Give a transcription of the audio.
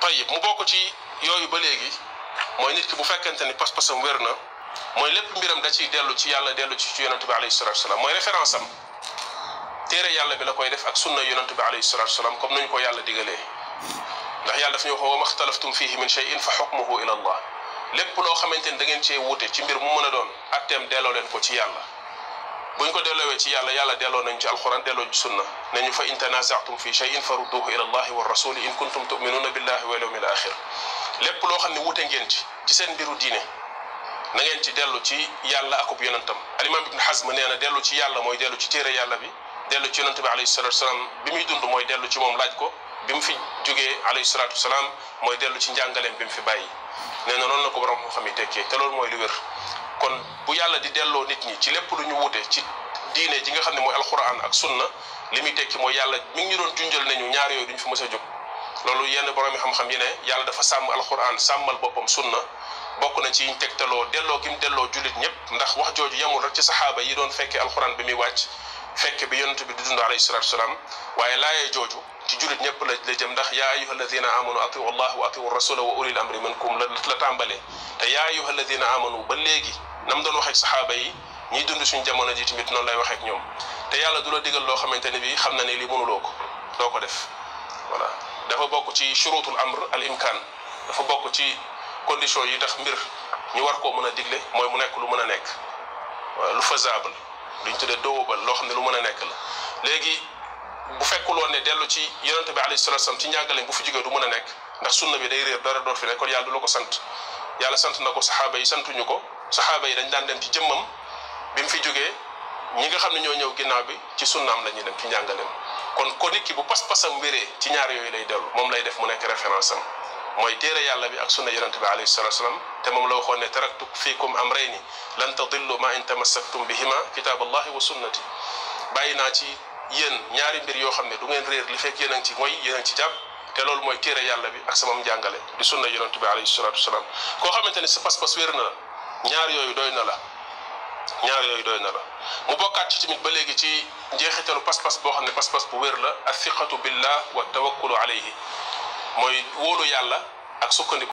طيب مو بوكو تي يوي بليغي موي نيت كي بو فكانتني باس باسام ويرنا موي ليب ميرام داتي ديلو تي يالا ديلو تي تي يونتبي عليه الصلاه والسلام موي ريفرنسام تيري يالا بي لاكوي ديف اك سنة يونتبي عليه الصلاه والسلام كوم نانكو يالا ديغالي ndax yalla dafa ñoo wax اختلفتم فيه من شيء فحكمه الى الله lepp lo xamanteni da ngeen ci wuté ci mbir mu mëna doon atem delo len ko ci bu ñu ko delloowee ci yàlla yàlla delloo nañ ci alquran delloo ci sunna nañu fa in tanasatum fi cheyin farudduhu ila allahi wa rasuli in kuntum tuminuuna billahi wal yawmil axir lépp loo xam ne wute ngeen ci ci seen mbiru diine na ngeen ci dellu ci yàlla akub yonentam alimam ibn xasma nee na dellu ci yàlla mooy dellu ci téere yàlla bi dellu ci yonente bi alayhi salatu wasalaam bi muy dund mooy dellu ci moom laaj ko bi mu fi jógee alayhi salatu wasalaam mooy dellu ci njàngaleem bi mu fi bàyyi nee na noonu la ko borom xam yi tekkee te loolu mooy lu wér kon bu yàlla di delloo nit ñi ci lépp lu ñu wute ci diine ji nga xam ne mooy alxuraan ak sunna li muy tekki mooy yàlla mi ngi ñu doon junjal nañu ñaar yooyu duñ fi mës a jóg loolu yenn borom xam-xam yi ne yàlla dafa sàmm alxuraan sàmmal boppam sunna bokk na ci yiñ tegtaloo delloo gi mu delloo julit ñëpp ndax wax jooju yemul rek ci saxaaba yi doon fekkee alxuraan bi muy wàcc fekk bi yonent bi di dund alayhi salatu wasalam waaye laayee jooju ci julit ñëpp la la jëm ndax ya ayuha alladina amanu atiu allah wa atiu rasula wa ulil amri minkum la tàmbale te ya ayuha alladina amanu ba léegi nam doon wax ak saxaaba yi ñiy dund suñu jamono ji tamit noonu lay wax ak ñoom te yàlla du la digal loo xamante bi bii xam na ne lii mënuloo ko doo ko def voilà dafa bokk ci shurutul amr al imkan dafa bokk ci condition yi tax mbir ñu war koo mën a digle mooy mu nekk lu mën a nekk lu faisable luñ tuddee doobal loo xam ne lu mën a nekk la léegi bu fekkuloon ne dellu ci yonente bi alayhi salatu wasalam ci njàngaleem bu fi jógee du mën a nekk ndax sunna bi day réer dara doot fi nekk kon yàlla du la ko sant yàlla sant na ko saxaaba yi santuñu ko sahaba yi dañ daan dem ci jëmmam bi mu fi jógee ñi nga xam ne ñoo ñëw ginnaaw bi ci sunnaam la dem ci njàngaleem kon ko nit ki bu pas-pasam wéree ci ñaar yooyu lay dellu moom lay def mu nekk référence am mooy téere yàlla bi ak sunna yonente bi alayhi salatu wasalam te moom la waxoon ne taraktu fiikum amrayni lan tadillu ma in tamassaktum bihima kitaaballahi wa sunnati bàyyi naa ci yéen ñaari mbir yoo xam ne du ngeen réer li fekk yéen a ci mooy yéen a ci jàpp te loolu mooy téere yàlla bi ak samam jàngale di sunna yonente bi alayhi salatu wasalam koo xamante ne sa pas-pas wér na la ñaar yooyu doy na la ñaar yooyu doy na la mu bokkaat ci tamit ba léegi ci njeexitalu pas-pas boo xam ne pas-pas bu wér la athiqatu billah wa tawakkulu alayhi mooy wóolu yàlla ak sukkandiku